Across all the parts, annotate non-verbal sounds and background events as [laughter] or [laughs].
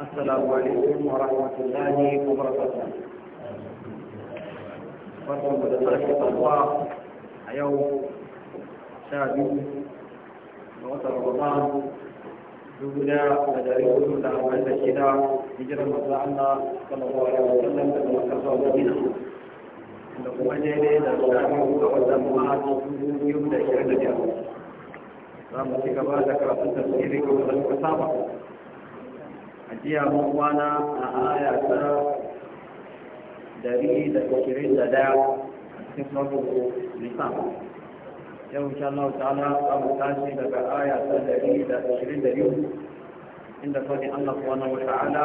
السلام عليكم ورحمة الله وبركاته فرحكم بذلك الله اليوم شادي موت رمضان دولا مداريكم لعمل الشدا هجر مرضى الله صلى الله عليه وسلم تتمكن صلى الله عليه وأنا أقول لك أن أنا أقول لك أن أنا أقول لك أن أنا أقول لك أن أنا أقول لك أن أنا أقول لك أن أنا أقول لك أن أنا أقول لك أن أنا أقول لك أن أنا أقول لك أن أنا أقول لك أن أنا أقول لك أن أنا أقول لك أن أنا أقول لك أن أنا أقول لك أن أنا أقول لك أن أنا ajiya mun kwana a aya ta dari da ashirin da daya a cikin sabuwar nisan yau insha Allah ta'ala abu tashi daga aya ta dari da ashirin da biyu inda fadin Allah subhanahu wa ta'ala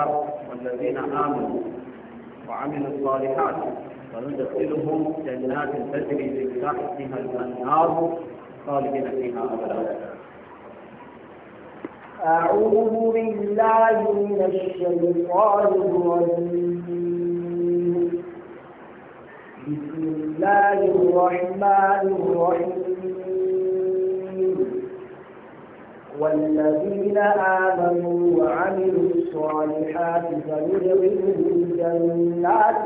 wallazina amanu wa amilu salihat وندخلهم جنات تجري من تحتها الانهار خالدين فيها ابدا أعوذ بالله من الشيطان الرجيم بسم الله الرحمن الرحيم والذين آمنوا وعملوا الصالحات فيدخلهم جنات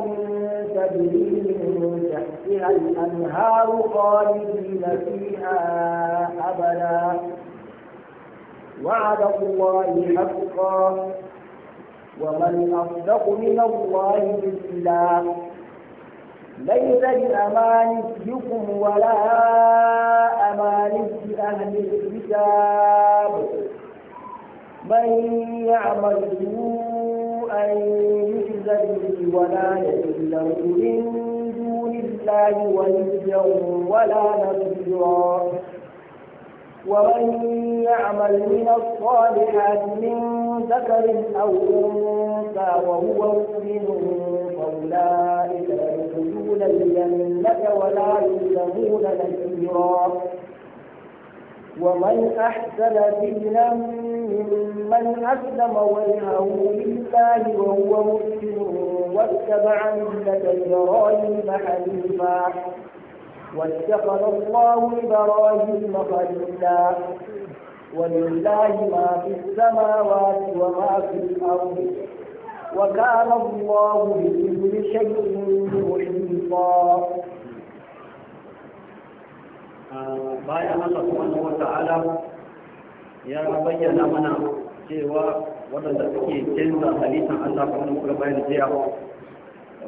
تجري من تحتها الأنهار خالدين فيها أبدا وعد الله حقا ومن أصدق من الله إلا ليس بأمانيكم ولا أماني أهل الكتاب من يعمل سوءا يجز به ولا يجد له من دون الله وليا ولا نصيرا ومن يعمل من الصالحات من ذكر أو أنثى وهو مؤمن فأولئك يدخلون الجنة ولا يظلمون نكيرا ومن أحسن دينا ممن أسلم وجهه لله وهو مسلم واتبع ملة إبراهيم حنيفا واتخذ الله إبراهيم خليلا ولله ما في السماوات وما في الأرض وكان الله بكل شيء محيطا bayan Allah subhanahu wata'ala ya bayyana mana cewa waɗanda suke canza halittar Allah kuma kuma bayan jiya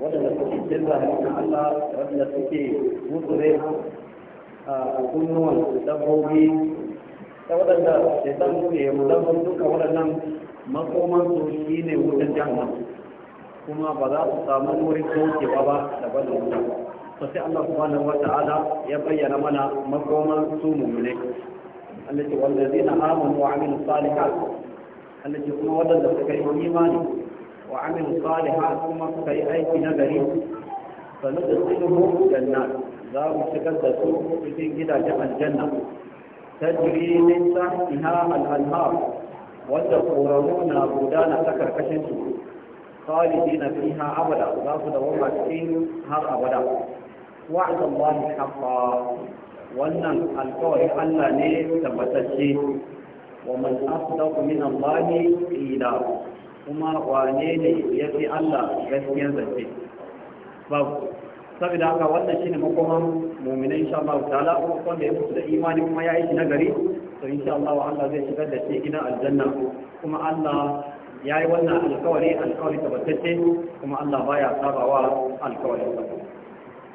waɗanda suke canza hannun Allah waɗanda suke mutsure a kunnuwan dabbobi ta waɗanda shaitan ke rudan duka waɗannan makomansu shi ne wutan jahannam kuma ba za su samu wurin kaucewa ba daban da wuta to sai Allah subhanahu wa ta'ala ya bayyana mana makoman su mummune Allah ce wallazina amanu wa amilus salihat Allah ce kuma waɗanda suka yi imani wa amin salihat kuma suka aiki na gari fa nudkhiluhum jannat za mu shigar da su cikin gidajen aljanna tajri min tahtiha al wanda koramu na gudana ta karkashin su khalidina abada za har abada Allah haqqan wannan alƙawari Allah ne tabbatacce wa man asdaqu min Allah qila kuma wane ne ya fi Allah gaskiyar zance babu saboda haka wannan shine makoman mu'minai insha Allah ta'ala wanda ya mutu da imani kuma ya yi shi nagari to insha Allah Allah zai shigar da shi gidan aljanna kuma Allah ya yi wannan alkawari alkawari tabbatacce kuma Allah baya sabawa alkawari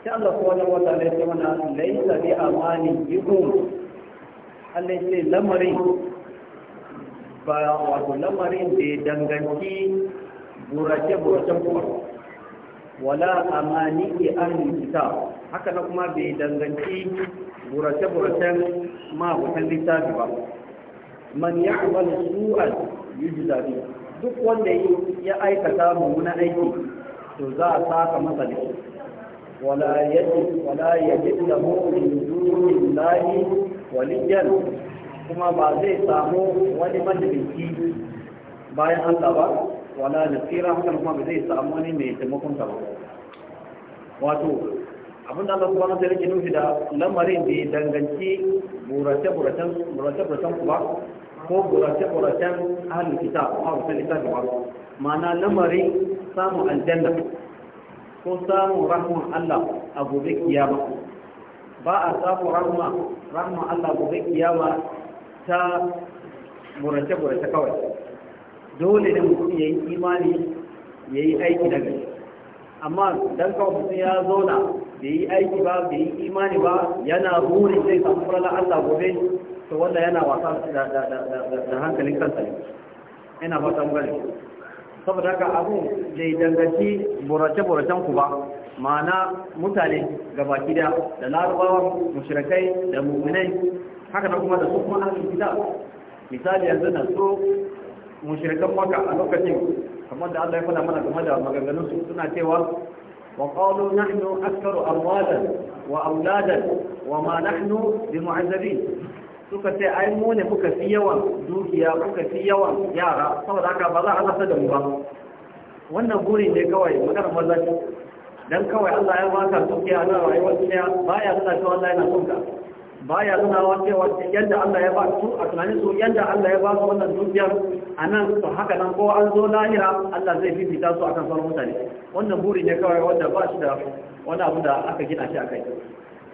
sai Allah ko wannan wata ne sai mana laisa bi amani yukum Allah ya ce lamarin ba wato lamarin da ya danganci burace burace kuma wala amani ke ahlul ta? haka na kuma bai danganci burace-buracen hutun littafi ba man ya amal su'al yi jizabi duk wanda ya aikata mummuna aiki to za a saka masa da wala yadda wala yajid lahu min dunillahi waliyan kuma ba zai samu wani majalisi bayan Allah ba wala nasira hakan kuma ba zai samu wani mai taimakon ba wato abin da Allah kuma wataala yake nufi da lamarin da ya danganci burace buracen burace buracen ku ba ko burace buracen ahlul kitab ko ahlul kitab ba ma'ana lamarin samu aljanna ko samu rahman Allah a gobe kiyama ba a samu rahma rahman Allah gobe kiyama ta murace-murace kawai dole ne mutum ya yi imani ya yi aiki na gari amma don kawai mutum ya zauna bai yi aiki ba bai yi imani ba yana burin zai samu furala Allah gobe to wanda yana wasa da hankalin kansa ne ina fata gari saboda haka abu bai danganci murace-murace ku ba ma'ana mutane gabaki da da larabawa mushirakai, da mu'minai haka na kuma da su kuma ahlul kitab misali yanzu na so mushrikan maka a lokacin kamar da Allah ya faɗa mana game da maganganun su suna cewa wa qalu nahnu aktharu amwalan wa auladan wa ma nahnu bimu'azzabin suka ce ai mu ne kuka fi yawan dukiya kuka fi yawan yara saboda haka ba za a rasa da mu ba wannan buri ne kawai magana mazaci dan kawai Allah ya baka dukiya na rayuwar duniya baya nuna cewa Allah yana son ka ya nuna wa cewa yadda Allah ya ba su a tunanin su yadda Allah ya ba su wannan dukiyar a nan su haka nan ko an zo lahira Allah zai fita su a kan sauran mutane wannan buri ne kawai wanda ba shi da wani abu da aka gina shi a kai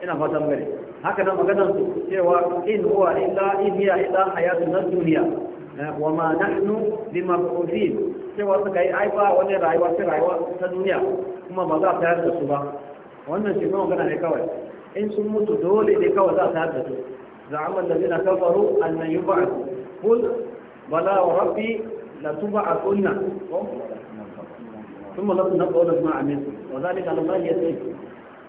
ina fatan gari haka nan maganar su cewa in huwa illa in hiya illa hayatu na duniya wa ma nahnu bimab'uthin cewa suka yi aifa wani rayuwa sai rayuwa ta duniya kuma ba za a tayar da su ba wannan shi kuma magana ne kawai in sun mutu dole ne kawai za ta da su za'amman da zina kafaru annan yi ba'a kul bala wa rabbi la tuba a sunna sun mala suna ƙaunar ma amin wa zalika lamar ya sai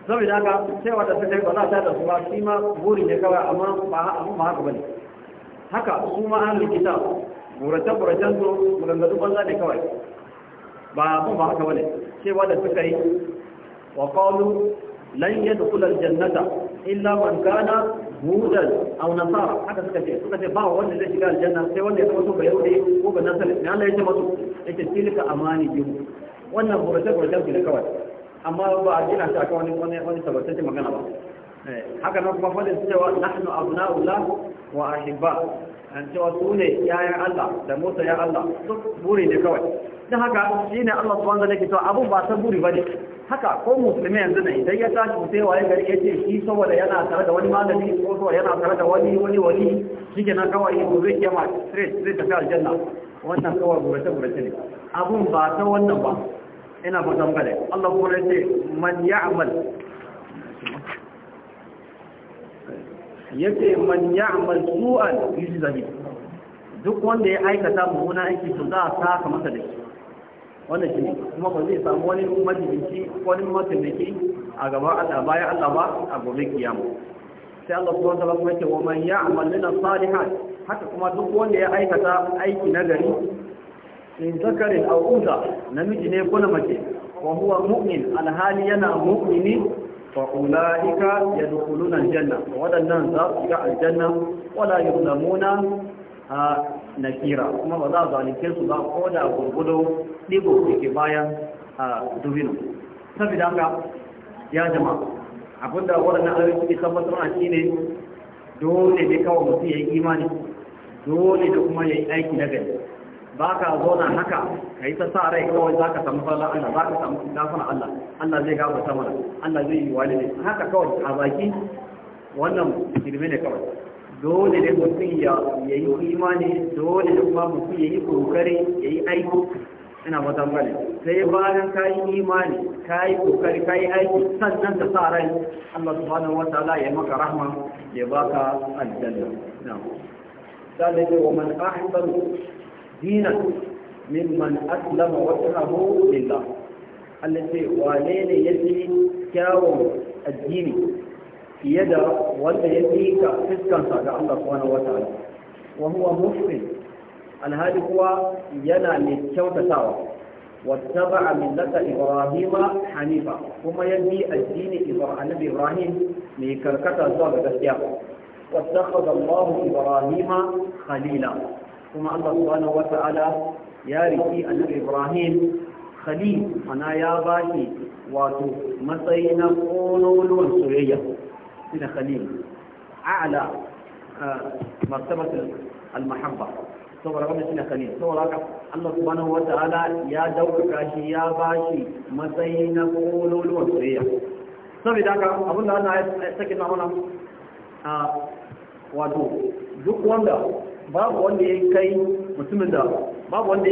saboda haka sai wata ta kai ba za ta da su ba shi ma buri ne kawai amma ba haka ba haka bane. haka su ma an likita burace-buracen su murangadu banza ne kawai ba abu ba haka bane. cewa da suka yi wa kawo lan yadkhul aljannata illa man kana hudan aw nasara haka suka ce suka ce ba wanda zai shiga aljanna sai wanda ya zama to bayahudi ko ba nasara ne Allah ya ce masu yace tilka amani biyu wannan burace burace ki da kawai amma ba a gina shi kawai wani wani wani tabbatacce magana ba eh, haka nan kuma fadin cewa nahnu abna'ullah wa ahibba an cewa su ne yayan Allah da Musa ya Allah duk buri ne kawai don haka ne Allah subhanahu wa ta'ala ke cewa abun ba ta buri ba ne. haka ko musulmi yanzu ne idan ya tashi sai waye gari ya ce shi saboda yana tare da wani malami ko saboda yana tare da wani wani wani shike na nan kawai ko zai kiyama straight zai tafi aljanna wannan kawai gurace gurace ne abun ba ta wannan ba ina fatan bane Allah ko ya ce man ya'mal yace man ya'mal su'an yujza duk wanda ya aikata mummuna aiki to za a saka masa da shi wannan shi ne kuma ba zai samu wani majibinci wani mataimaki a gaban Allah bayan Allah ba a gobe kiyama sai Allah kuma ta kuma ce wa man ya'mal min as-salihat haka kuma duk wanda ya aikata aiki na gari in zakarin aw unsa namiji ne ko na mace wa huwa mu'min alhali yana mu'mini fa ulaika yadkhuluna aljanna janna wadannan za su ga aljanna wala yuzlamuna ah, nakira kuma ba za a zalunce su ba ko da gurgudo ɗigo da ke bayan dubino saboda haka ya jama abinda waɗannan ayoyi suke tabbatar a shi ne dole ne kawai mutum ya yi imani dole da kuma ya yi aiki na gari ba ka zauna haka ka yi ta sa rai kawai za ka samu fara Allah za ka samu dafana Allah Allah zai gaba ta mana Allah zai yi wani ne haka kawai a baki wannan girme ne kawai dole da mutum ya yi imani dole da kuma mutum ya yi kokari ya yi aiko ina matan bane sai bayan ka yi imani ka yi kokari ka yi aiko sannan ta sa rai Allah subhanahu wa ta'ala ya maka rahma ya baka aljanna na'am sai da wa man ahsanu dinan mimman aslama wajhahu lillah Allah sai wane ne yake kyawun addini يدا da wanda ya الله سبحانه وتعالى وهو subhanahu wataala wa huwa muhsin alhali kuwa yana mai واتبع ملة إبراهيم حنيفا ثم يدي الدين النبي إبراهيم من كركة زوال واتخذ الله إبراهيم خليلا كما الله سبحانه وتعالى يا ركي النبي إبراهيم خليل أنا يا باشي واتو مسينا قولوا لون سوريا بن خليل أعلى مرتبة المحبة saboda wanda سنة خليل kane saboda haka Allah subhanahu wataala ya daukaka shi ya bashi matsayi na kololuwar soyayya saboda haka abin da ya wato duk wanda babu wanda ya kai mutumin da babu wanda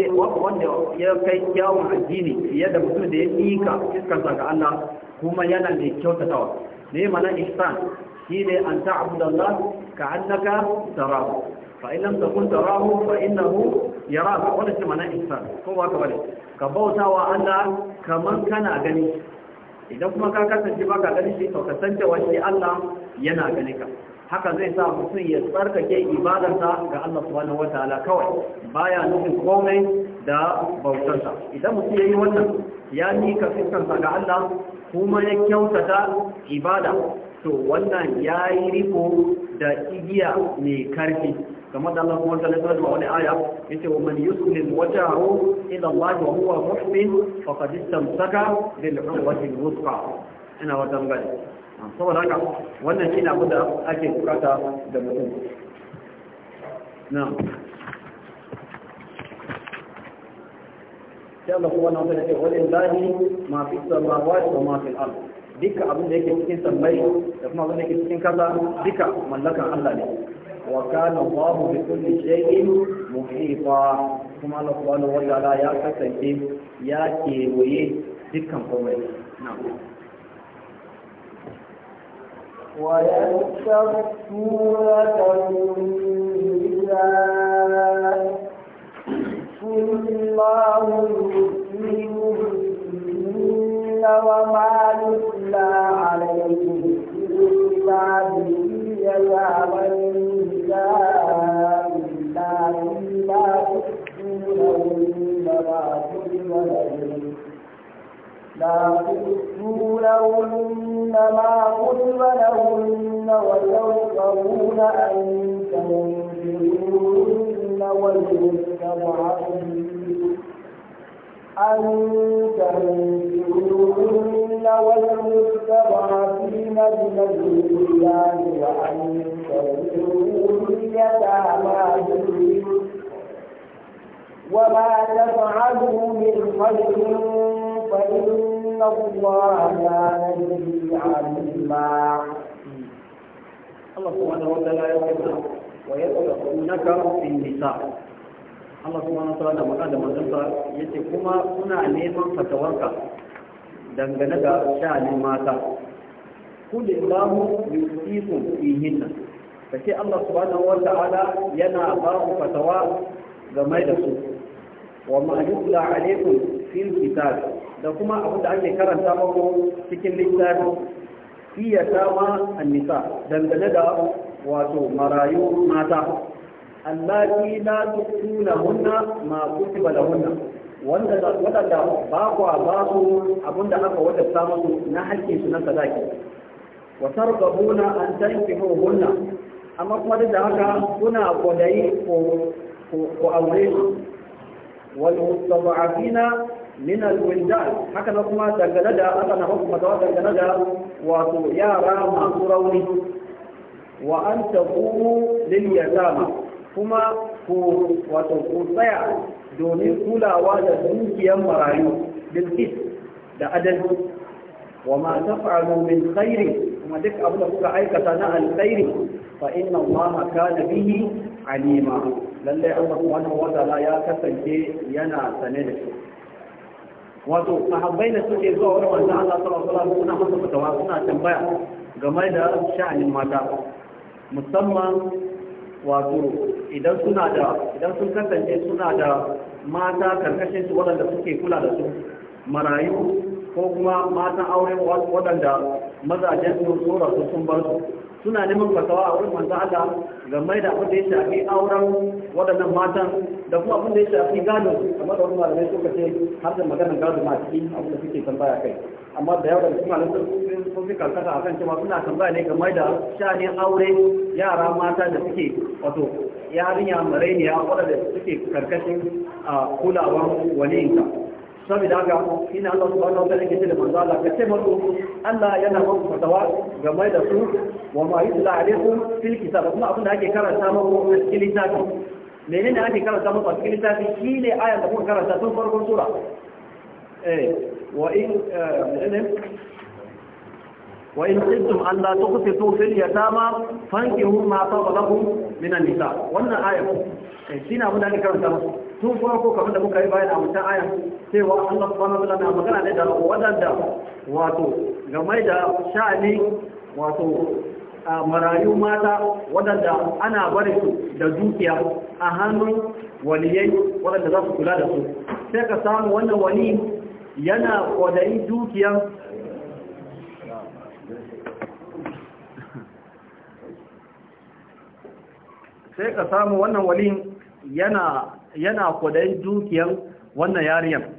ya kai kyawun fiye da mutumin da ya mika iskansa ga Allah kuma yana mai kyautatawa ne mana ihsan shine an ta'budallaha ka'annaka tarahu fa in lam takun tarahu fa innahu yaraka wannan shi mana ihsan ko ba ka bari. ka bautawa Allah kaman kana gani idan kuma ka kasance ba ka gani shi to kasance wani Allah yana gani ka haka zai sa mutum ya tsarkake ibadarsa ga Allah subhanahu wataala kawai baya nufin komai da bautarsa idan mutum yayi wannan ya ka fiskarsa ga Allah kuma ya kyautata ibada to wannan ya yi riko da igiya mai karfi kamar da Allah kuma sallallahu alaihi wasallam wani aya yace wa man yuslim wajahu ila Allah wa huwa muhsin faqad istamsaka bil urwati wusqa ina wajen gani saboda haka wannan shine abin da ake bukata da mutum na'am sai Allah kuma na wata ce wajen lahi ma fi samawati wa ma fi al duka abin da yake cikin sammai da kuma abin da yake cikin kasa duka mallakan Allah ne wa kana Allahu bi kulli shay'in muhita kuma Allah na wata ta'ala ya kasance ya kewaye dukkan komai na'am ويستغفرونك من الله الله يؤتيكم فيهن وما يتلى عليكم في كتابه يزعم النساء التي لا تؤتونهن ما كتب لهن لا تؤتونهن ما كتب لهن وترغبون أن تنكروهن والمستضعفين أن تنفعوهن والمستضعفين من الله وأن تنفعوه اليتامى وما تفعلوا من خير فإن الله لا يجزي عما الله سبحانه وتعالى يقول wa yaqulunaka fi nisa Allah subhanahu wa ta'ala maka da manzansa yace kuma kuna neman fatawarka dangane da sha'anin mata kulli Allahu yusikum fihinna kace Allah subhanahu wa ta'ala yana ba ku fatawa game da su wa fil da kuma abu da ake karanta muku cikin littafi iya tama annisa dangane da wato marayu mata allati la tukuna hunna ma kutiba lahunna wanda wadanda ba kwa ba su abinda aka wadanta musu na hakkin su na sadaki wa targabuna an tankihuhunna amma kuma duk da haka kuna kwadayi ko ko aure su wal mustada'afina min alwildan haka kuma dangane da aka na hukuma da dangane da wato yara masu rauni wa an taqumu lil yatama kuma ku wato ku tsaya domin kulawa da dukiyar marayu bil da adalci wa ma taf'alu min khairin kuma duk abin da kuka aikata na alkhairi fa inna allaha kana bihi alima lallai Allah subhanahu wataala ya kasance yana sane da shi wato sahabbai da suke zuwa wurin manzon Allah sallallahu alaihi wasallam suna masa fatawa suna tambaya game da sha'anin mata musamman wato idan suna da idan sun kasance suna da mata karkashin su waɗanda suke kula da su marayu ko kuma matan aure waɗanda mazajen su tsora su sun bar su suna neman fasawa a wurin manzo Allah game da abin da ya shafi auren waɗannan matan da kuma abin da ya shafi gado kamar da wani malamai suka ce har da magana gado ma cikin abin da suke tambaya kai amma da yawa da kuma halittar sun fi karkata a kan cewa suna tambaya ne game da shani aure yara mata da suke wato yarinya mareniya waɗanda suke karkashin a kulawan waliyinka saboda haka ina Allah su wa ta'ala yake da manzo Allah ka ce musu Allah yana masu fatawa game da su wa ma yutla alaikum fil kitab kuma abin da ake karanta muku a cikin littafi menene ake karanta muku a cikin littafi shine ayar da kuka karanta tun farkon sura eh وإن وإن قلتم أن لا تقسطوا في اليتامى فانكحوا ما طاب لكم من النساء wannan ayat shine abin da ake sun musu tun farko kamar da muka yi bayan a wancan ayat cewa Allah subhanahu wa ta'ala magana ne da wadanda wato game da sha'ani wato marayu mata wadanda ana bari su da dukiya a hannun waliyai wadanda za su kula da su sai ka samu wannan wani yana kwadayi dukiyar sai ka samu wannan walin yana yana dukiyar wannan yariyar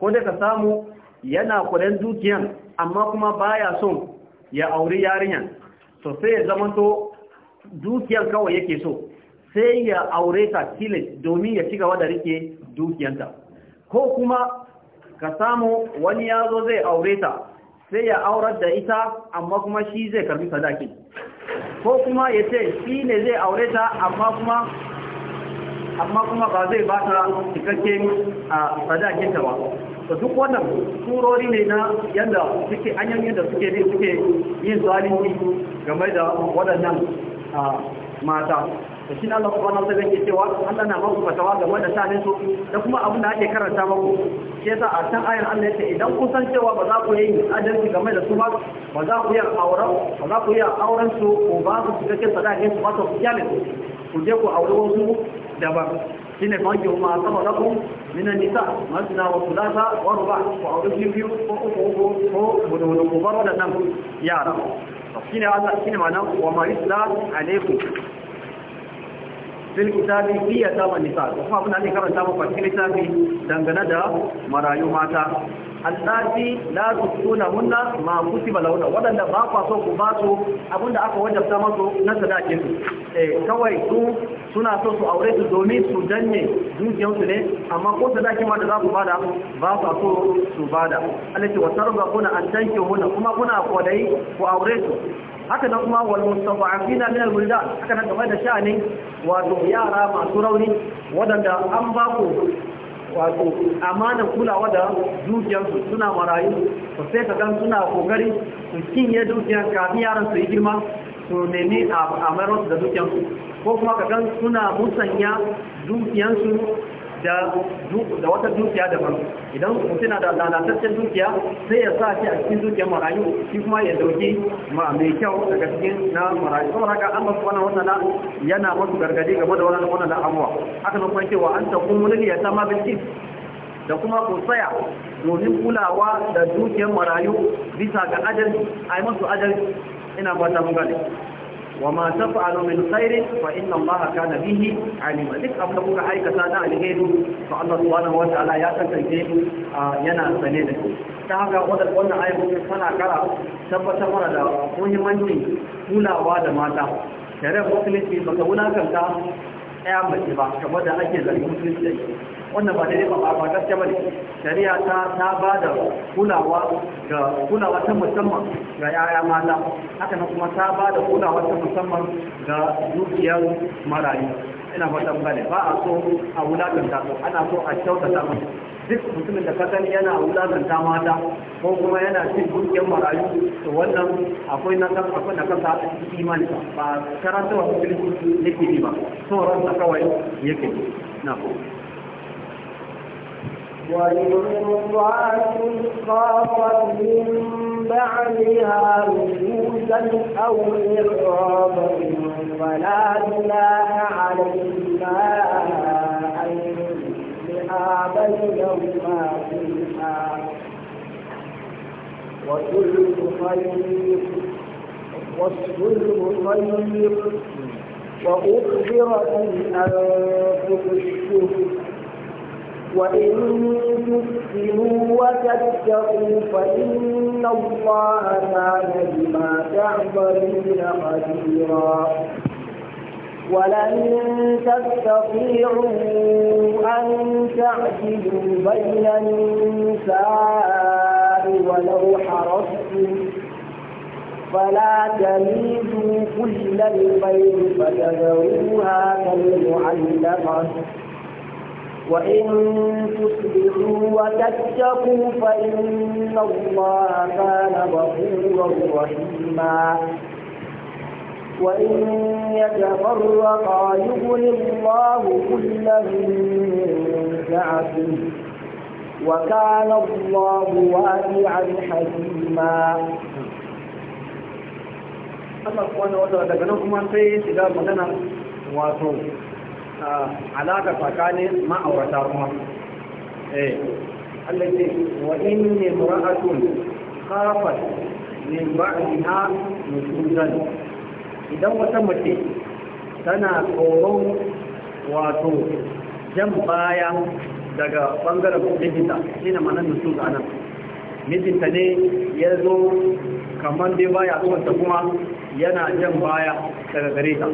ko dai ka samu yana kwadayi dukiyar amma kuma baya son ya auri yariyar to sai ya zamanto dukiyar kawai yake so sai ya aure ta tilis domin ya ci gaba da rike dukiyanta ko kuma ka samu wani ya zo zai aure ta sai ya aurar da ita amma kuma shi zai karbi sadaki ko kuma ya ce shi ne zai aure ta amma kuma ba zai ba ta cikakken a sadakinta ba to duk wannan turori ne na yadda suke hanyoyin da suke ne suke yin zalunci game da waɗannan mata to shi Allah subhanahu wataala yake cewa Allah na muku fatawa game da sanin su da kuma abin da ake karanta muku Ke sa a can ayar Allah yake idan kun san cewa ba za ku yi adalci game da su ba ba za ku yi auren ba za ku yi auren su ko ba su cikakken sadakin su ba su kiyale su ku je ku aure wasu daban shine fankihu ma sama lakum minan nisa masna wa thulatha wa ruba wa aure biyu ko uku ko ko da ko bar da nan yara shine Allah shine ma'ana wa ma yusla alaikum fil kitabi fi yatama nisa kuma abin da ne karanta maka cikin littafi dangane da marayu mata allati la Suna, hunna ma kutiba lahunna wadanda ba kwa so ku ba su abinda aka wajabta masu na sadakin eh kawai su suna so su aure su domin su danne dukiyar su ne amma ko sadakin ma da za ku bada ba kwa so su bada allati wasarba kuna an tanke hunna kuma kuna kodai ku aure su haka nan kuma wal mustada'afina min al buldan haka nan game da sha'anin wato yara masu rauni wadanda an ba ku wato amanar kulawa da dukiyarsu suna marayu to sai ka gan suna kokari su kinye dukiyar kafin yaran su yi girma su nemi a mayar da dukiyarsu ko kuma ka gan suna musanya dukiyarsu da wata dukiya daban idan mutum na da lalataccen dukiya sai ya sa shi a cikin dukiyar marayu shi kuma ya dauki ma mai kyau daga cikin na marayu saboda haka Allah subhanahu wannan na yana masu gargadi game da wannan wannan abuwa haka nan kuma cewa an taqumu lil yatama bil qist da kuma ku tsaya domin kulawa da dukiyar marayu bisa ga adalci adalci ina fata mun gane wama tafi alamun tsairi fa inna ba a bihi alima duk abinda kuka aikata na alheri to Allah su wani wata ala ya kasance yana sane da shi ta haka wannan ayyukan tana kara tabbatar mana da muhimmancin kulawa da mata shari'ar musulunci ba ta kanta. ɗaya mace ba kamar da ake zargin musulunci da shi wannan ba daidai ba ba gaskiya bane shari'a ta ta ba da kulawa ga kulawa ta musamman ga yaya mata haka nan kuma ta ba da kulawa ta musamman ga dukiyar marayu ina fatan bane ba a so a wulakanta su ana so a kyautata musu duk mutumin da ka sani yana wulakanta mata ko kuma yana cin dukiyar marayu to wannan akwai na kan akwai na kansa a cikin imani ba karanta wa musulunci yake ne ba sauran sa kawai yake ne na ko والمرضعة خافت من بعدها نشوزا أو إرغابا فلا جناح عليهما أن فيها بلدا ما فيها وكل خير والصلب خير وأخبرت الأنفس الشهر وإن تحسنوا وتتقوا فإن الله كان بما تعملون خبيرا ولن تستطيعوا أن تعدلوا بين النساء ولو حرصتم فلا تميزوا كل البيت فتذروها كالمعلقة وإن تصبروا وتتقوا فإن الله كان غفورا رحيما وإن يتفرقا يغن الله كلا من سعته وكان الله واسعا حكيما Allah subhanahu wata daga ganin kuma sai shiga magana wato alaka tsakanin ma'aurata kuma eh Allah ce wa inni imra'atun khafat min ba'liha idan wata mace tana tsoron wato jan baya daga bangaren mijinta shi ne manan nusu ga nan mijinta ne ya zo kamar dai baya tsohonta kuma yana jan baya daga gare ta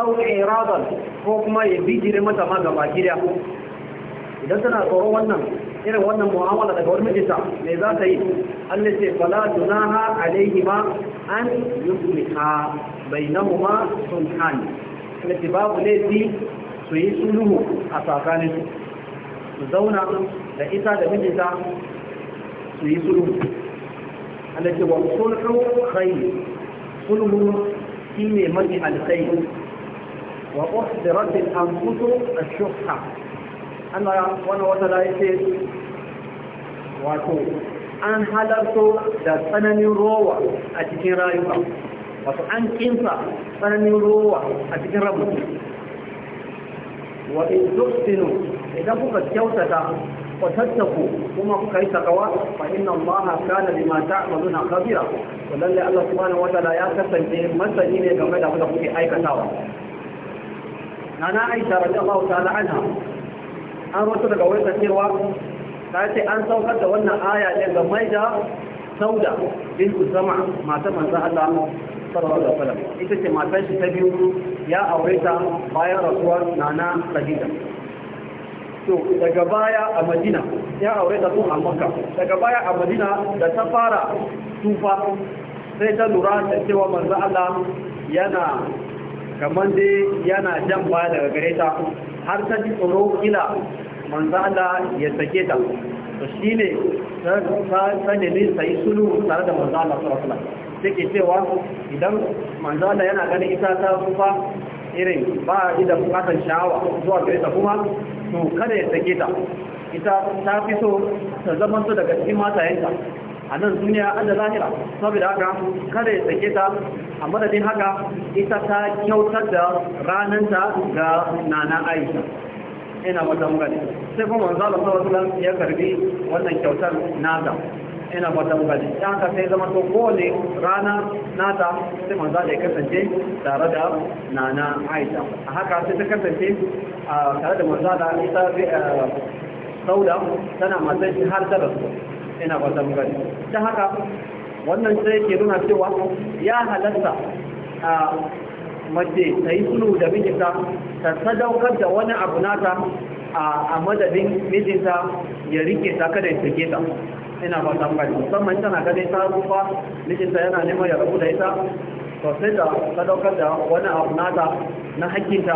au iradar ko kuma ya bijire mata ma gaba gida idan tana tsoron wannan irin wannan mu'amala daga wani mijinta me za ta yi Allah ce fala ha alaihi أن يطلق بينهما سلحان الاتباب الذي سيسله أساقانه الزونة لإيسا لمجيسا سيسله التي هو صلح خير صلح في مجيء الخير وأحضرت الأنفس الشحة أنا وأنا وأنا لا يسير وأكون an halarto da tsananin rowa a cikin rayuwa wato an kinsa tsananin rowa a cikin rabu wa in tuftinu idan kuka kyautata wa tattaku kuma kuka yi takawa fa inna Allah kana bima ta'maluna khabira to lalle Allah subhanahu wataala ya kasance masani ne game da abin da kuke aikatawa nana Aisha radiyallahu ta'ala anha an rawaita daga wayar cewa ta ce an saukar da wannan aya ne ga mai da sauda bin usama mata manzan Allah sallallahu alaihi wasallam ita ce matan shi ta biyu ya aure ta bayan rasuwar nana Khadija to daga baya a Madina ya aure ta tun a Makka daga baya a Madina da ta fara tufa sai ta lura da cewa manzo Allah yana kamar dai yana jan baya daga gare ta har ta ji tsoro kila manzo Allah ya sake ta to shine ta nemi sai sulu tare da manzo Allah sallallahu alaihi wasallam take cewa idan manzo Allah yana ganin ita ta kufa irin ba ida bukatar sha'awa zuwa gare ta kuma to kada ya sake ta ita ta fi so ta zaman su daga cikin matayenta a nan duniya an da lahira saboda haka kada ya sake ta a madadin haka ita ta kyautar da rananta ga nana aisha ina watan gani sai kuma manzo Allah sallallahu alaihi wasallam ya karbi wannan kyautar nata ina watan gani dan haka sai zama to kone rana nata sai manzo Allah ya kasance tare da nana Aisha a haka sai ta kasance tare da manzo Allah ita eh, sauda tana matan shi har da rasu ina watan gani dan haka wannan sai ke nuna cewa ya halatta mace ta yi sulhu da mijinta ta sadaukar da wani abu nata a madadin mijinta ya rike ta kada ya sake ta ina ba tambari musamman ita na gani ta rufa mijinta yana neman ya rabu da ita to sai da sadaukar da wani abu nata na hakinta,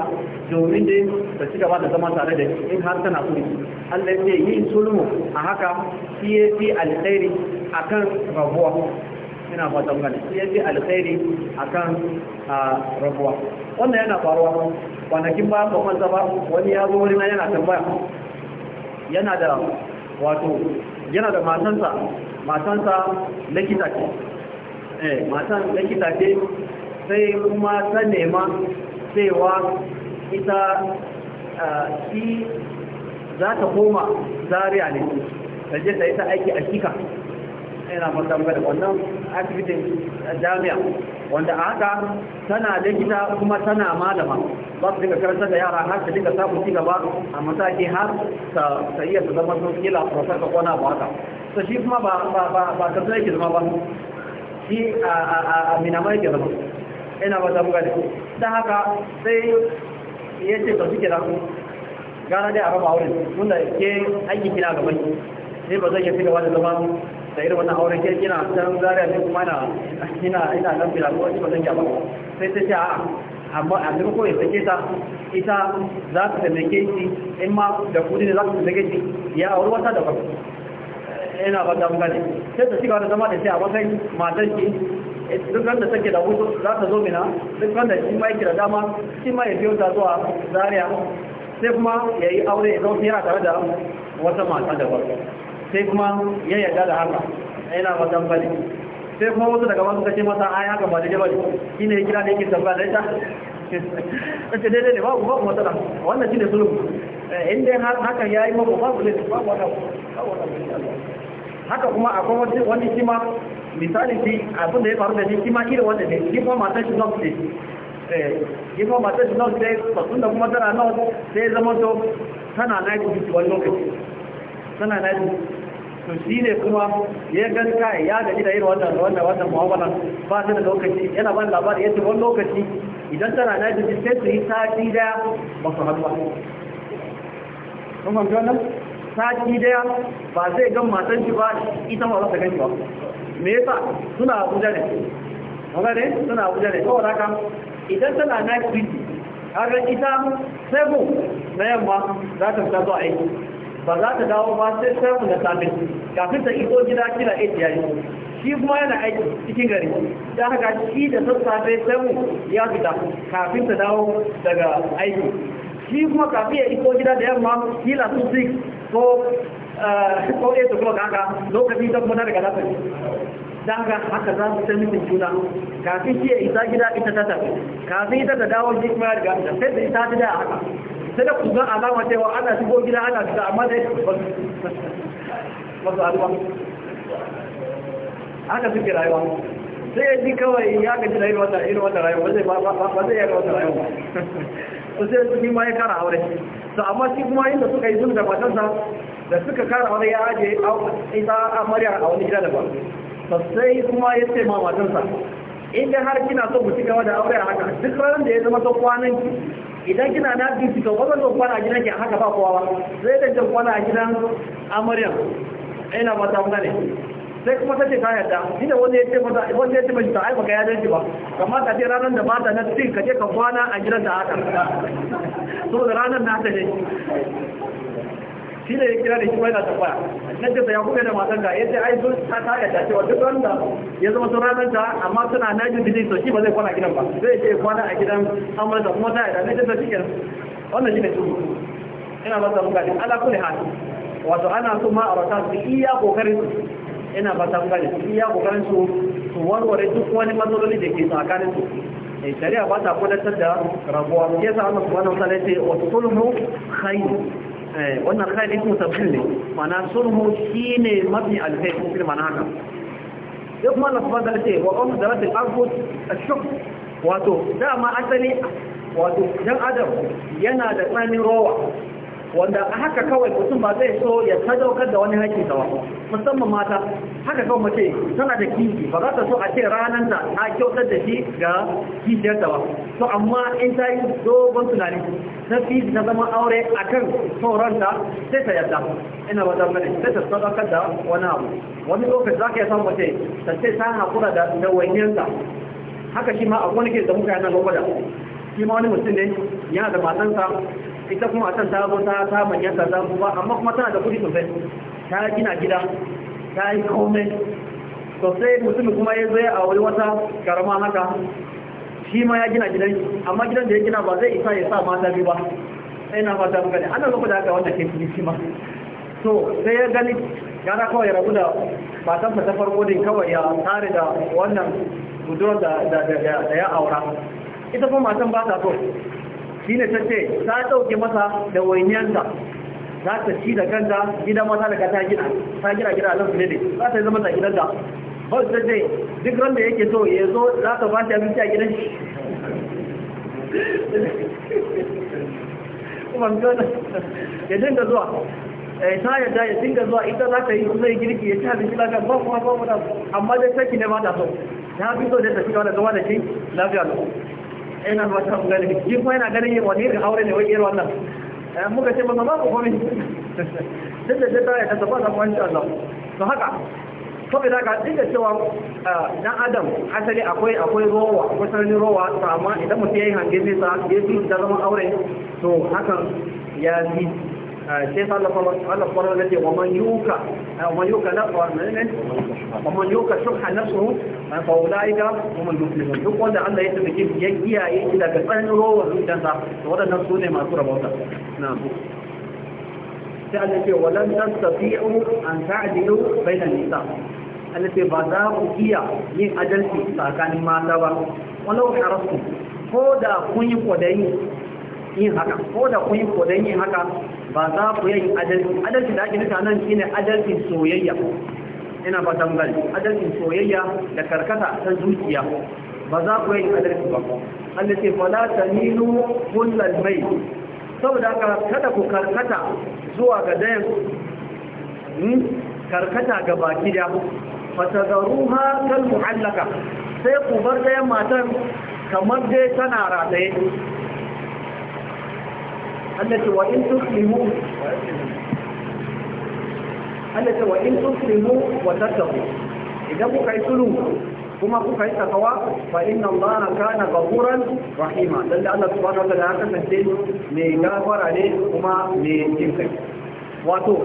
domin dai ta ci gaba da zama tare da in har tana sulhu Allah ya yi sulhu a haka fiye fi alkhairi akan rabuwa ina fatan gani sai yaji alkhairi akan rabuwa wannan yana faruwa kwanakin ba ko man zaba wani ya zo wani yana tambaya yana da wato yana da matansa matansa likita ce eh matan likita ce sai kuma ta nema cewa ita shi za ta koma zariya ne ta je ta yi ta aiki a shika yana makambar wannan asibitin jami'a wanda a haka tana likita kuma tana malama ba su dinga karanta da yara har su dinga samun ci gaba a mataki har ta iya su zama sun kila ka ko na haka so shi kuma ba ba ba ka sai zama ba shi a a a minamai ke zama ina ba ta buga da ta haka sai ya ce ta suke nan gara dai a raba wurin tunda ke aiki kina gaban sai ba zai ke fi gaba da zama da irin wannan auren kirki na can zariya ne kuma na ina ina nan bila ko ba zan ba sai ta ce a amma a duk ko ya sake ta ita za ta tallake shi in ma da kudi ne za ta tallake shi ya aure wata da ba eh, ina ba da mutane sai ta cigaba da zama da sai a matsayin matar shi eh, duk wanda take da hutu za ta zo mina duk wanda shi ma yake da dama shi ma ya biyo ta zuwa zariya sai kuma ya yi aure ya zama fiye tare da wata mata da ba sai kuma ya yarda da haka yana wajen bane sai kuma wasu daga wasu kace masa ai haka ba daidai bane ne ya kira da yake tabbata da ita kace [laughs] daidai ne ba ku ba ku matsala wannan ne sulhu eh, in dai haka yayi muku ba ku ne ba ku haka kuma akwai wani wani shi ma misali shi abin da ya faru da shi shi ma irin wanda ne shi kuma matan shi nurse ne eh, shi kuma matan shi nurse ne fasun da kuma tana nurse sai zama to tana na wani lokaci tana na to shi ne kuma ya gaska ya gaji da irin wannan wannan wannan mu'amala ba ta da lokaci yana ba labari yace wani lokaci idan tana na jiji sai su yi sati daya ba su haɗu ba kuma ga nan sati daya ba zai gan matan shi ba ita ma ba ta gani ba me yasa suna abuja ne kuma ne suna abuja ne kawai haka idan tana na jiji har ita sai na yamma za ta fita zuwa aiki ba za ta dawo ba sai samu da safe kafin ta iko gida kira aiki ya yi shi kuma yana aiki cikin gari da haka shi da sassafe samu ya fita kafin ta dawo daga aiki shi kuma kafin ya iko gida da yamma kila su 6 ko eh, ko 8 o'clock haka lokacin ta kuma na daga lafari da haka haka za su ta mutum juna kafin shi ya isa gida ita ta tafi kafin ita ta dawo shi kuma ya riga ta sai da ita ta da haka sai da kugan alama cewa ana shigo gida ana shiga amma dai ba alama aka haka suke rayuwa sai ya ji kawai ya gaji da irin wata rayuwa ba zai yaga wata rayuwa su [laughs] sai su ma ya kara aure su amma shi kuma inda suka yi zuru da matansa da suka kara aure ya aje ita amarya a wani gida daban sai kuma ya ce ma matansa in har kina so ku ci gaba da aure a haka duk ranar da ya zama ta kwanan idan kina na bincika wajen da kwana gidan ke haka ba kowa zai da jan kwana gidan amaryan ina mata ta ne sai kuma sace ta yarda Ni da ya ce mata wani ya ce mata ai baka yarda ki ba kamar ka ce ranar da mata na cikin ka je ka kwana a gidan ta haka [laughs] saboda ranar na ta ne shi ne ya kira da shi bai na tambaya na ce sai ya kuma da matan ga yace ai sun ta ta ya cewa duk wanda ya zama sun ranar ta amma suna na naji bidin to shi ba zai kwana a gidan ba zai ce kwana a gidan amurka kuma ta ya da na ce sai shi wannan shi ne su ina ba ta muka ne ala kulli hal wato ana so ma a rata su iya kokarin su ina ba ta muka ne su iya kokarin su su warware duk wani matsaloli da ke tsakanin su eh, shari'a ba ta kwadatar da rabuwa yasa Allah subhanahu wa ta'ala ya ce wa sulhu khayr wannan kai ne tabdil ne mana sulhu shine mabni alkhair ko kuma mana haka ya kuma Allah subhanahu wa ta'ala ce wa umdarat al-arqut ash shuk wato dama asali wato dan adam yana da tsamin rawa wanda a haka kawai mutum ba zai so ya sadaukar da wani haƙƙi sawa musamman mata haka kawai mace tana da kishi ba za ta so a ce ranar ta ta kyautar da shi ga kishiyar da ba to amma in ta yi dogon tunani ta fi ta zama aure a kan ta sai ta yarda ina ba zama ne sai ta sadaukar da wani abu wani lokaci za ka yi samu mace ta ce ta haƙura da dawainiyarta haka shi ma a wani ke da muka yana gwagwada shi ma wani mutum ne ya da matansa ita kuma a can ta zo ta ta manyanta za ba amma kuma tana da kudi sosai ta gina gida ta yi komai sosai mutum kuma ya zai a wuri wata karama haka shi ma ya gina gidan amma gidan da ya gina ba zai isa ya sa mata biyu ba sai na fata gani ana lokacin da aka wannan ke shi ma to sai ya gani gara kawai ya rabu da matansa ta farko din kawai ya tare da wannan budurwar da ya aura ita kuma matan ba ta so shi ne ta ce ta ɗauke masa da wainiyanta za ta ci da kanta gidan mata daga ta gina ta gina gira a nan ne za ta yi zama ta gidan da kawai ta ce duk ran da yake so ya zo za ta ba shi abinci a gidan shi ya dinga zuwa eh, ta yadda ya dinga zuwa ita za ta yi ya girki ya ci abinci lafiya ba kuma ba mu da amma dai sarki ne ba ta so ta fi so da ta shiga wani zama da shi lafiya lafiya ina ba ta gani shi kuma yana ganin yin wani irin aure ne wai irin wannan eh, muka ce ba ba ku komai [laughs] duk da ta ya tafi wannan wani Allah to haka saboda ka duk da cewa eh, dan adam asali akwai akwai rowa akwai sarari rowa amma idan mutum ya yi hangen nesa ya fi zama aure to hakan ya yi. كيف الله سبحانه التي ومن يوكى ومن يوكى ومن يوكى شح نفسه فأولئك هم المفلحون duk wanda Allah ya tabbaki ya kiyaye shi daga tsananin rowar zuciyarsa to waɗannan su ne masu rabauta na'am sai Allah ce walan tastati'u an ta'dilu bainan nisa Allah ce ba za ku iya yin adalci tsakanin mata ba walau harastu ko da kun yi kodayin yin haka ko da kun yi kodayin yin haka ba za ku yi adalci adalci da ake nufi nan shine adalcin soyayya ina ba tambayi adalcin soyayya da karkata ta zuciya ba za ku yi adalci ba Allah ce fala tamilu kullal mai saboda haka kada ku karkata zuwa ga dayan hmm? karkata ga baki da fatadaruha kal mu'allaka sai ku bar dayan matan kamar dai tana rataye التي وإن تسلموا التي وإن تسلموا وتتقوا إذا بك يسلموا kuma kuka yi takawa fa inna allaha kana ghafuran rahima lalle Allah subhanahu wataala ya kasance mai gafara ne kuma mai jinkai wato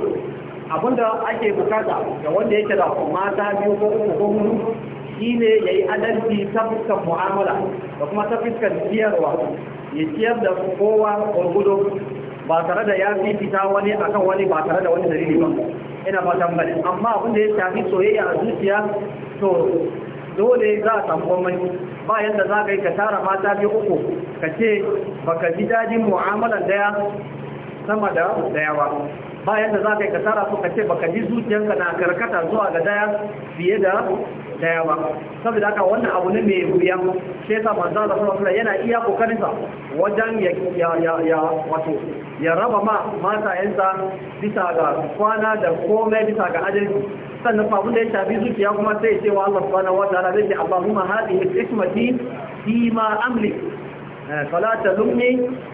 abinda ake bukata ga wanda yake da mata biyu ko uku ko hudu shine yayi adalci ta fuskar mu'amala da kuma ta fuskar ciyarwa ya siyar da kowa gwargudo ba tare da ya fita wani akan wani ba tare da wani dalili ba ina fatan bane amma abin da ya shafi soyayya a zuciya to dole za a samu gwamnati ba yadda za ka yi ka tara mata biyu uku ka ce baka ji dadin mu'amalar daya sama da daya ba ba yadda za ka yi ka tara su ka ce baka ji zuciyarka na karkata zuwa ga daya fiye da daya ba saboda haka wannan abu ne mai wuya shi yasa manzo da sallallahu yana iya kokarin sa wajen ya ya wato ya raba ma mata yansa bisa ga kwana da komai bisa ga ajin sannan fa da ya shafi zuciya kuma sai ce wa Allah subhanahu ta'ala zai ce Allahumma hadhihi ismati fi ma amlik eh, fala talumni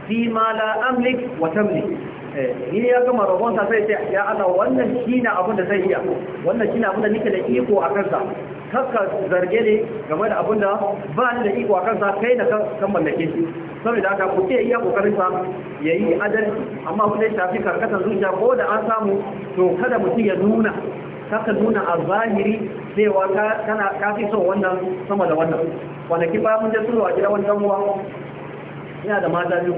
fi ma la amlik wa tamlik Eh, ni ya gama rabonsa sai ce ya Allah wannan shine abin da zai iya wannan shine abin da nake da iko a kansa kakka zarge ne game da abin da ba ni da iko a kansa kai na kan mallake shi saboda haka ku ce iya kokarin sa yayi adal amma kuma ya shafi karkatar zuciya ko da an samu to kada mutum ya nuna kaka nuna a zahiri cewa kana kafi son wannan sama da wannan kwanaki ba mun je sulwa gida wani dan uwa ina da mata biyu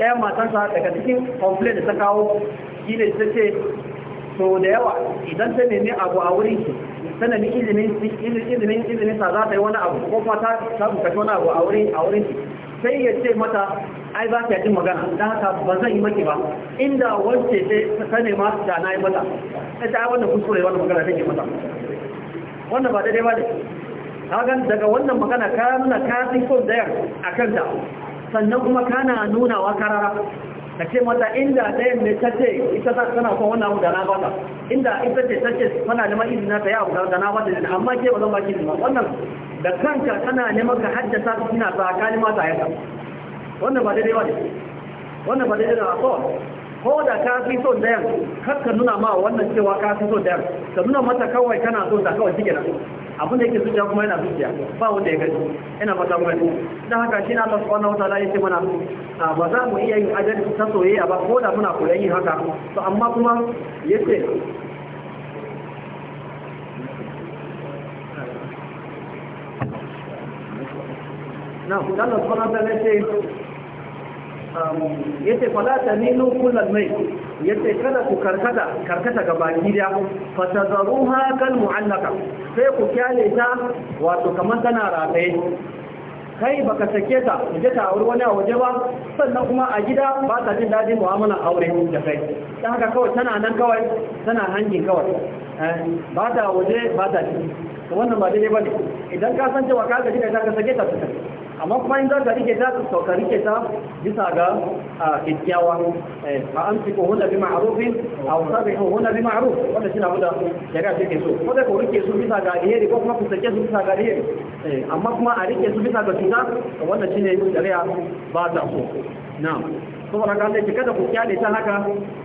ɗaya matansa daga cikin complain da ta kawo shi ne ta ce so da yawa idan ta nemi abu a wurin ki ta nemi izinin izinin izinin sa za ta yi wani abu ko kuma ta ta bukaci wani abu a wurin a wurin ki sai ya ce mata ai ba ta yi magana dan haka ba zan yi maki ba inda wacce ce ta nema da na yi mata sai ta wannan kuskure wannan magana take mata wannan ba daidai ba ne ga daga wannan magana ka nuna ka ko da yar akan ta. sannan kuma kana nuna wa karara ka ce mata inda ɗayan ne ta ita ta tana kuma wannan abu da na bata inda ita ce ta ce tana neman izina ta yi abu da na bata amma ke ba zan baki izina wannan da kanka tana neman ka haddasa ta suna tsakanin mata ya wannan ba daidai ba ne wannan ba daidai ba ko ko da ka fi so dayan kar ka nuna ma wannan cewa ka fi so dayan ka nuna mata kawai kana so da kawai shi kenan abin da yake zuciya kuma yana zuciya ba wanda ya gani ina fata mu gani dan haka shi na Allah subhanahu wataala yace mana a ah, ba za mu iya yin ajali ta soyayya ba ko da muna kula yin haka to amma kuma yace na kuma Allah subhanahu wataala yace um, yace fala tamilu kullal mayl yadda kada ku karkata karkata ga baki da fatazaruha kal mu'allaka sai ku kyale ta wato kamar tana rataye kai baka sake ta je ta aure wani a waje ba sannan kuma a gida ba ta jin dadin mu'amala aure da kai dan haka kawai tana nan kawai tana hangi kawai eh, ba ta waje ba ta ciki wannan ba daidai bane idan ka san cewa ka ga da ka sake ta ta amma kuma in za ka rike za ka sauka rike ta bisa ga kyakkyawa ba an fi kohuna bi ma'arufi, a wata bai kohuna bi ma'aruf wanda shi na wuda shari'a take so ko da ku rike su bisa ga alheri ko kuma kusa su bisa ga alheri eh, amma kuma a rike su bisa ga cuta shi ne shari'a ba ta so na'am saboda ka Allah kada ku kyale ta haka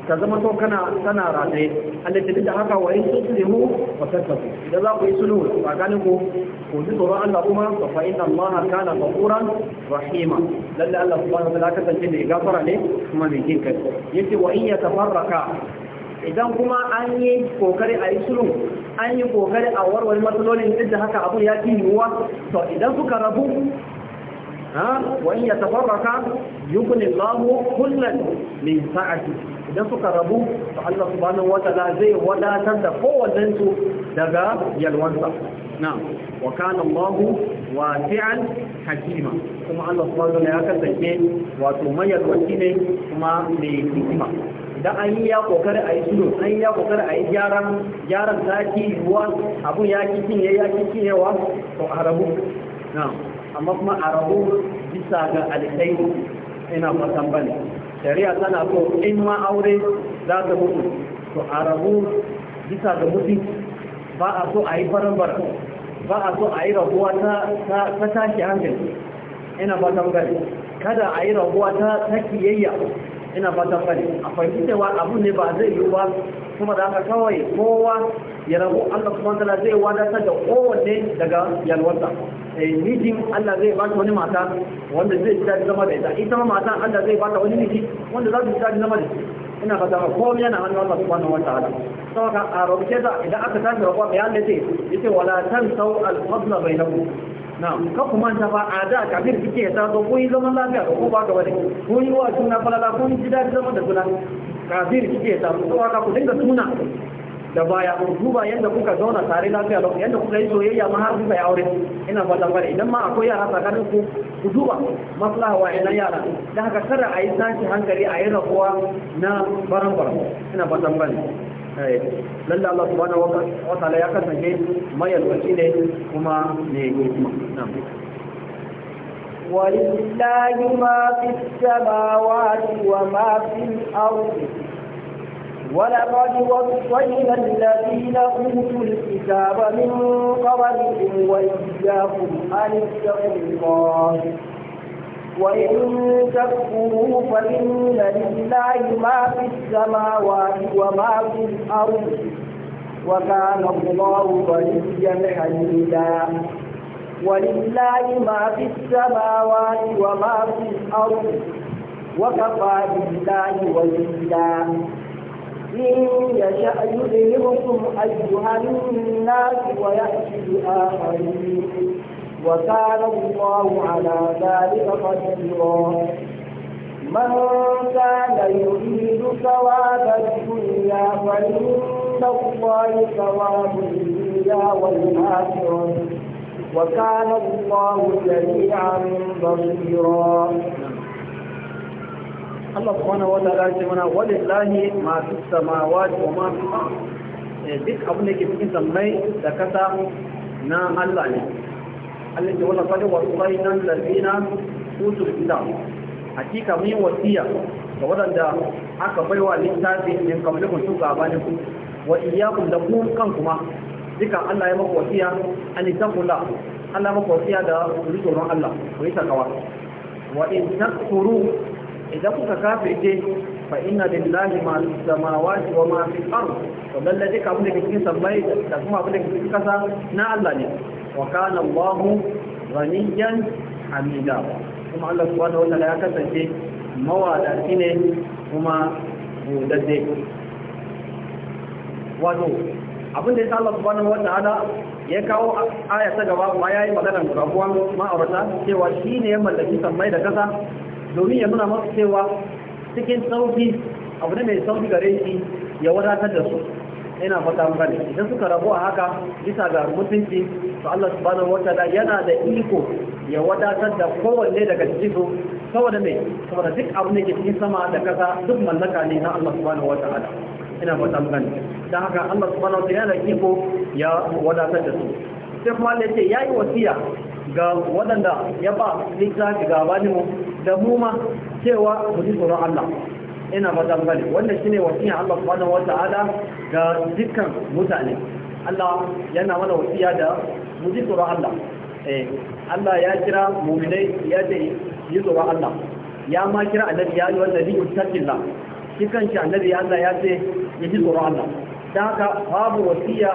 ta zama to kana tana rataye Allah ya da haka wa in tuslimu wa tattaku idan za ku yi sulhu tsakanin ku ku ji tsoron Allah kuma fa fa inna Allah kana ghafuran rahima lalle Allah subhanahu wa ta'ala san mai gafara ne kuma mai jin kai yace wa in tafarraka? idan kuma an yi kokari a yi sulhu an yi kokari a warware matsalolin duk da haka abun ya ci yiwuwa to idan suka rabu ha wa in yatafarraka yughni Allahu kullan min sa'ati idan suka rabu to Allah subhanahu wataala zai wadatar da kowannen su daga yalwansa na'am wa kana Allahu wasi'an hakima kuma Allah subhanahu wataala ya kasance wato mai yalwanci ne kuma mai hikima da an yi ya kokari a yi sulhu an yi ya kokari a yi gyaran gyaran taki ruwa abun ya kikin ya ya kikin yawa to a rabu na'am amma kuma a rabu bisa ga alikai ina fatan bane shari'a tana so in ma aure za ta mutu to a rabu bisa ga mutu ba a so a yi farin barka ba a so a yi rabuwa ta tashi hankali ina fatan bane kada a yi rabuwa ta kiyayya ina fatan bane a fahimtawa abu ne ba zai yi ba kuma da aka kawai kowa ya rabu Allah kuma tana zai wadatar da kowanne daga yalwarsa eh, mijin Allah zai bata wani mata wanda zai ji zama da ita ita ma mata Allah zai bata wani miji wanda za su ji zama da ina fata ba komai yana hannun Allah subhanahu wataala saboda a rubuce da idan aka tashi a bayan da ce yace wala tansau al-fadla bainakum Na ka kuma ta ba a da kafin kike ta zo kun yi zaman lafiya ko ba ka wani kun yi wa suna falala kun yi daɗi zaman da suna kafir kike samu ko haka ku dinga tuna da baya ku duba yadda kuka zauna tare lafiya lokacin yadda kuka yi soyayya ma har kuka yi aure ina fatan bare idan ma akwai yara tsakanin ku ku duba maslaha wa ina yara dan haka kada a yi tashi hankali a yi rakuwa na baran baran ina fatan bare eh, lalla Allah subhanahu wa ta'ala ya kasance mai alwaci ne kuma ne hikima na'am ولله ما في السماوات وما في الأرض ولقد وصينا الذين أوتوا الكتاب من قبلكم وإياكم أن اتقوا الله وإن تكفروا فإن لله ما في السماوات وما في الأرض وكان الله غنيا حميدا ولله ما في السماوات وما في الأرض وكفى بالله وليا إن يشأ يذهبكم أيها الناس ويأتي بآخرين وكان الله على ذلك قديرا من كان يريد ثواب الدنيا فإن الله ثواب الدنيا والآخرة وكان الله سميعا بصيرا Allah subhanahu wa ta'ala ce mana walillahi ma fi samawati wa ma duk abin ke cikin sammai da kasa na Allah ne Allah ce wannan fadin wasai da hakika mun yi ga wadanda aka baiwa littafi da kamlikun shuka gabanin ku wa iyyakum da ku kan kuma duka Allah ya maka wasiya an taqula Allah maka wasiya da tsoron Allah ku yi takawa wa in takuru idan kuka kafirce fa inna lillahi ma fi samawati wa ma fi al-ard to lalle duka abin da ke cikin sammai da kuma abin da ke cikin kasa na Allah ne wa kana Allahu ghaniyan hamida kuma Allah subhanahu wa ta'ala ya kasance mawadaci ne kuma godadde wato abin da yasa Allah wata hada ya kawo ayata gaba ba ya yi magana da rabuwan ma'aurata cewa shi ne ya mallaki sammai da kasa domin ya nuna masu cewa cikin sauki abu ne mai sauki gare shi ya wadatar da su ina fata mun idan suka rabu a haka bisa ga mutunci to Allah subhanahu wataala yana da iko ya wadatar da kowanne daga cikin su saboda me saboda duk abu ne ke cikin sama da kasa duk mallaka ne na Allah subhanahu wataala ina fata mu gani dan haka Allah subhanahu wa ta'ala yake ko ya wadatar da su sai kuma Allah yace yayi wasiya ga wadanda ya ba littafi ga bani mu da mu ma cewa mu ji tsoron Allah ina fata mu gani wannan shine wasiya Allah subhanahu wa ta'ala ga dukkan mutane Allah yana mana wasiya da mu ji tsoron Allah eh Allah ya kira mu'minai ya ce yi tsoron Allah ya ma kira annabi ya yi wannan bi'u taqillah shi kanshi annabi Allah ya ce ya ji tsoron Allah ta haka babu wasiya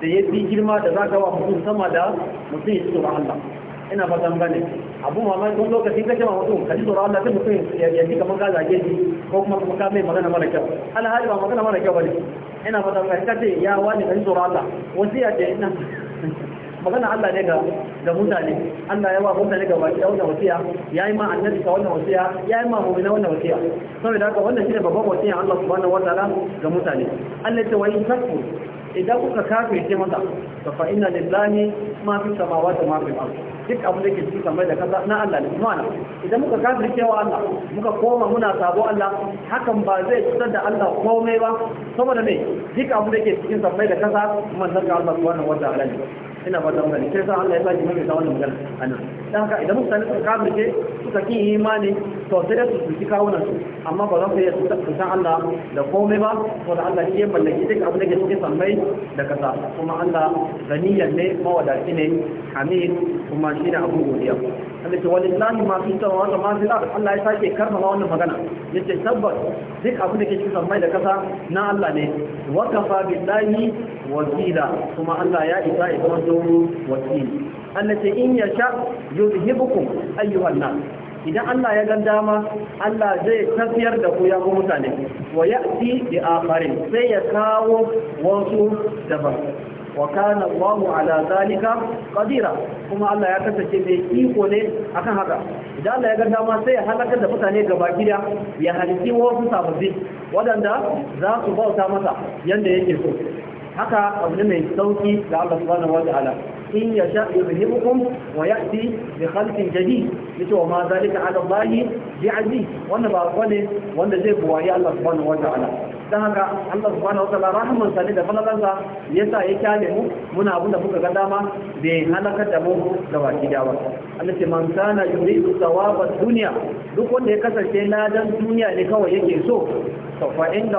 da ya fi girma da za ka wa mutum sama da mutum ya ji tsoron Allah ina fatan gane abu mamaki wani lokaci kake ma mutum ka ji tsoron Allah sai mutum ya ji kamar ka zage shi ko kuma kuma ka mai magana mara kyau alhali ba magana mara kyau ba ne ina fatan gane ce ya wani ka ji tsoron Allah wasiya ce ina magana Allah ne ga mutane Allah ya wa mutane ga baki da wannan wasiya yayi ma annabi ka wannan wasiya yayi ma mu'mina wannan wasiya saboda haka wannan shine babban wasiya Allah subhanahu wataala ga mutane Allah ya ce wa in takfur idan kuka kafirce masa to fa inna lillahi ma fi samawati ma fi al-ard duk abin da ke cikin kamar da kaza na Allah ne kuma idan muka kafirce wa Allah muka koma muna sabo Allah hakan ba zai cutar da Allah komai ba saboda me duk abin da ke cikin kamar da kaza manzon Allah subhanahu ne ina ba ta magana sai sa Allah ya saki mai wannan magana anan dan haka idan mutane suka ke, suka ki imani to sai su su kawo su amma ba za su yi su san Allah da komai ba to da Allah shi ya mallaki duk abin da ke cikin sammai da kasa kuma Allah ganiyan ne mawadaci ne hamid kuma shi ne abu godiya Allah ce walillahi masu fi sama wa ma fi Allah ya sake karfafa wannan magana Yadda tabbas duk abin da ke cikin samai da kasa na Allah ne wa kafa billahi wakila kuma Allah ya isa ya zama doro wakili Allah ce in yasha yuzhibukum ayyuhan nas idan Allah ya gan dama Allah zai tafiyar da ku ya mutane wa ya'ti bi akharin sai ya kawo wasu daban wa kana Allahu ala zalika qadira kuma Allah ya kasance mai iko ne akan haka idan Allah ya ga dama sai ya halaka da mutane gaba gida ya halitti wasu sababbi wadanda za su bauta masa yanda yake so haka abu ne mai sauki ga Allah subhanahu wa ta'ala in ya sha yuzhibukum wa ya'ti bi khalqin jadid yace wa ma zalika ala Allah bi aziz wannan ba wani wanda zai buwaye Allah subhanahu wa ta'ala dan haka Allah subhanahu wa ta'ala rahman sa ne da falalansa yasa ya kyale mu muna abin da muka ga dama bai halakar da mu da baki dawa Allah ce man kana yuridu thawaba dunya duk wanda ya kasance ladan duniya kawai yake so to fa inda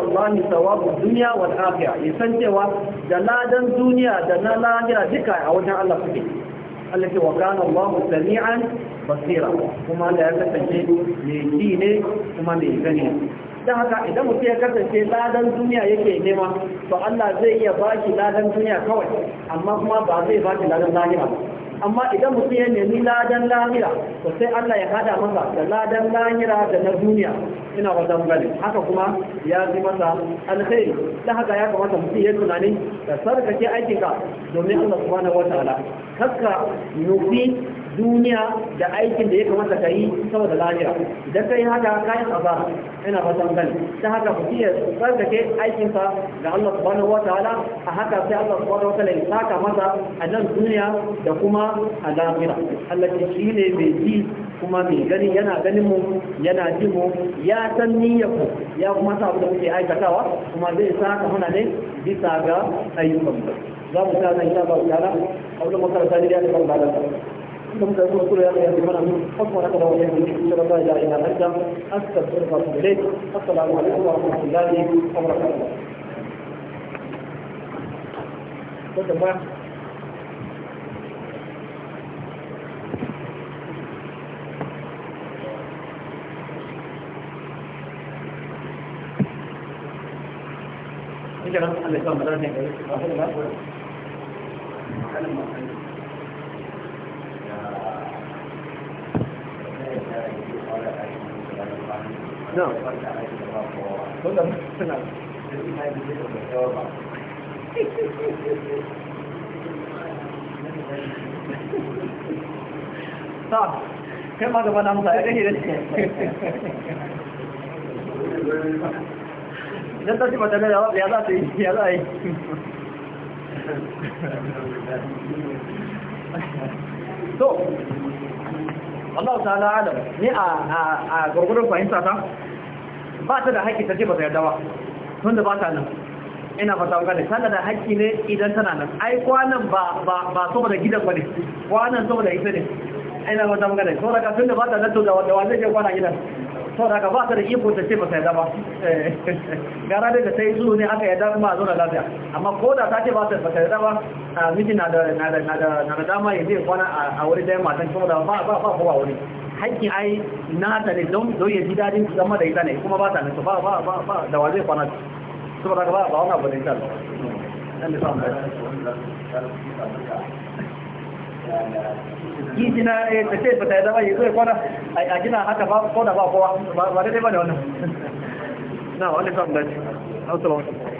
da ladan duniya Allah suke Allah ce wa kana Allah sami'an basira kuma Allah ya kasance mai ji ne kuma mai gani dan haka idan mutum ya kasance ladan duniya yake nema to Allah zai iya baki ladan duniya kawai amma kuma ba zai baki ladan lahira amma idan mutum ya nemi ladan lahira to sai Allah ya hada masa da ladan lahira da na duniya ina wata gani haka kuma ya ji masa alkhairi da haka ya kamata mutum ya tunani da sarkace aikinka domin Allah subhanahu wataala kaska nufi duniya da aikin da ya kamata ka yi saboda lahira idan ka yi haka yi tsaba ina fatan gani ta haka ku iya tsarkake aikinka ga Allah subhanahu ta'ala a haka sai Allah subhanahu ta'ala ya saka masa a nan duniya da kuma a lahira Allah shi ne mai ji kuma mai gani yana ganin mu yana ji mu ya san niyyar ku ya kuma sa abu da kuke aikatawa kuma zai saka mana ne bisa ga ayyukan za mu sa nan insha ba ta'ala abu da makaranta ne da ya ba da ثم تقول كل يا قيادي من حكم لك الله وليه منك شر الله لا اله الا انت استغفرك واتوب اليك السلام عليكم ورحمه الله وبركاته. Ini kan Allah SWT yang berada di akhir-akhir. Alhamdulillah. ta kai ma gaba na musa ya gani da idan ta ci mata da ya za ta yi ya za a yi Allah ni a gurgurin fahimta ta ba ta da haƙƙi ta ce ba ta yadda ba tun da ba ta nan ina ba ga da tana da haƙƙi ne idan tana nan ai kwanan ba so ba saboda gidan ba ne kwanan saboda ita ne ina fata ga da saboda ka tun da ba ta nan to da wanda wanda ke kwana gidan saboda ka ba ta da iko ta ce ba ta yadda ba eh, [laughs] gara da ta yi zuwa ne aka yadda kuma a zo da lafiya amma ko da ta ce ba ta ba ta yarda ba miji na da dama ya je kwana a wuri da matan saboda ba ba ba kowa wuri haƙƙin ai na ta ne don don ya ji su dan da ita ne kuma ba ta ne ba ba ba da wa zai kwana su ba gaba ba wani abu ne yi eh, ta zai kwana a gina haka ba ko da ba kowa ba ba ne wannan [laughs] na wani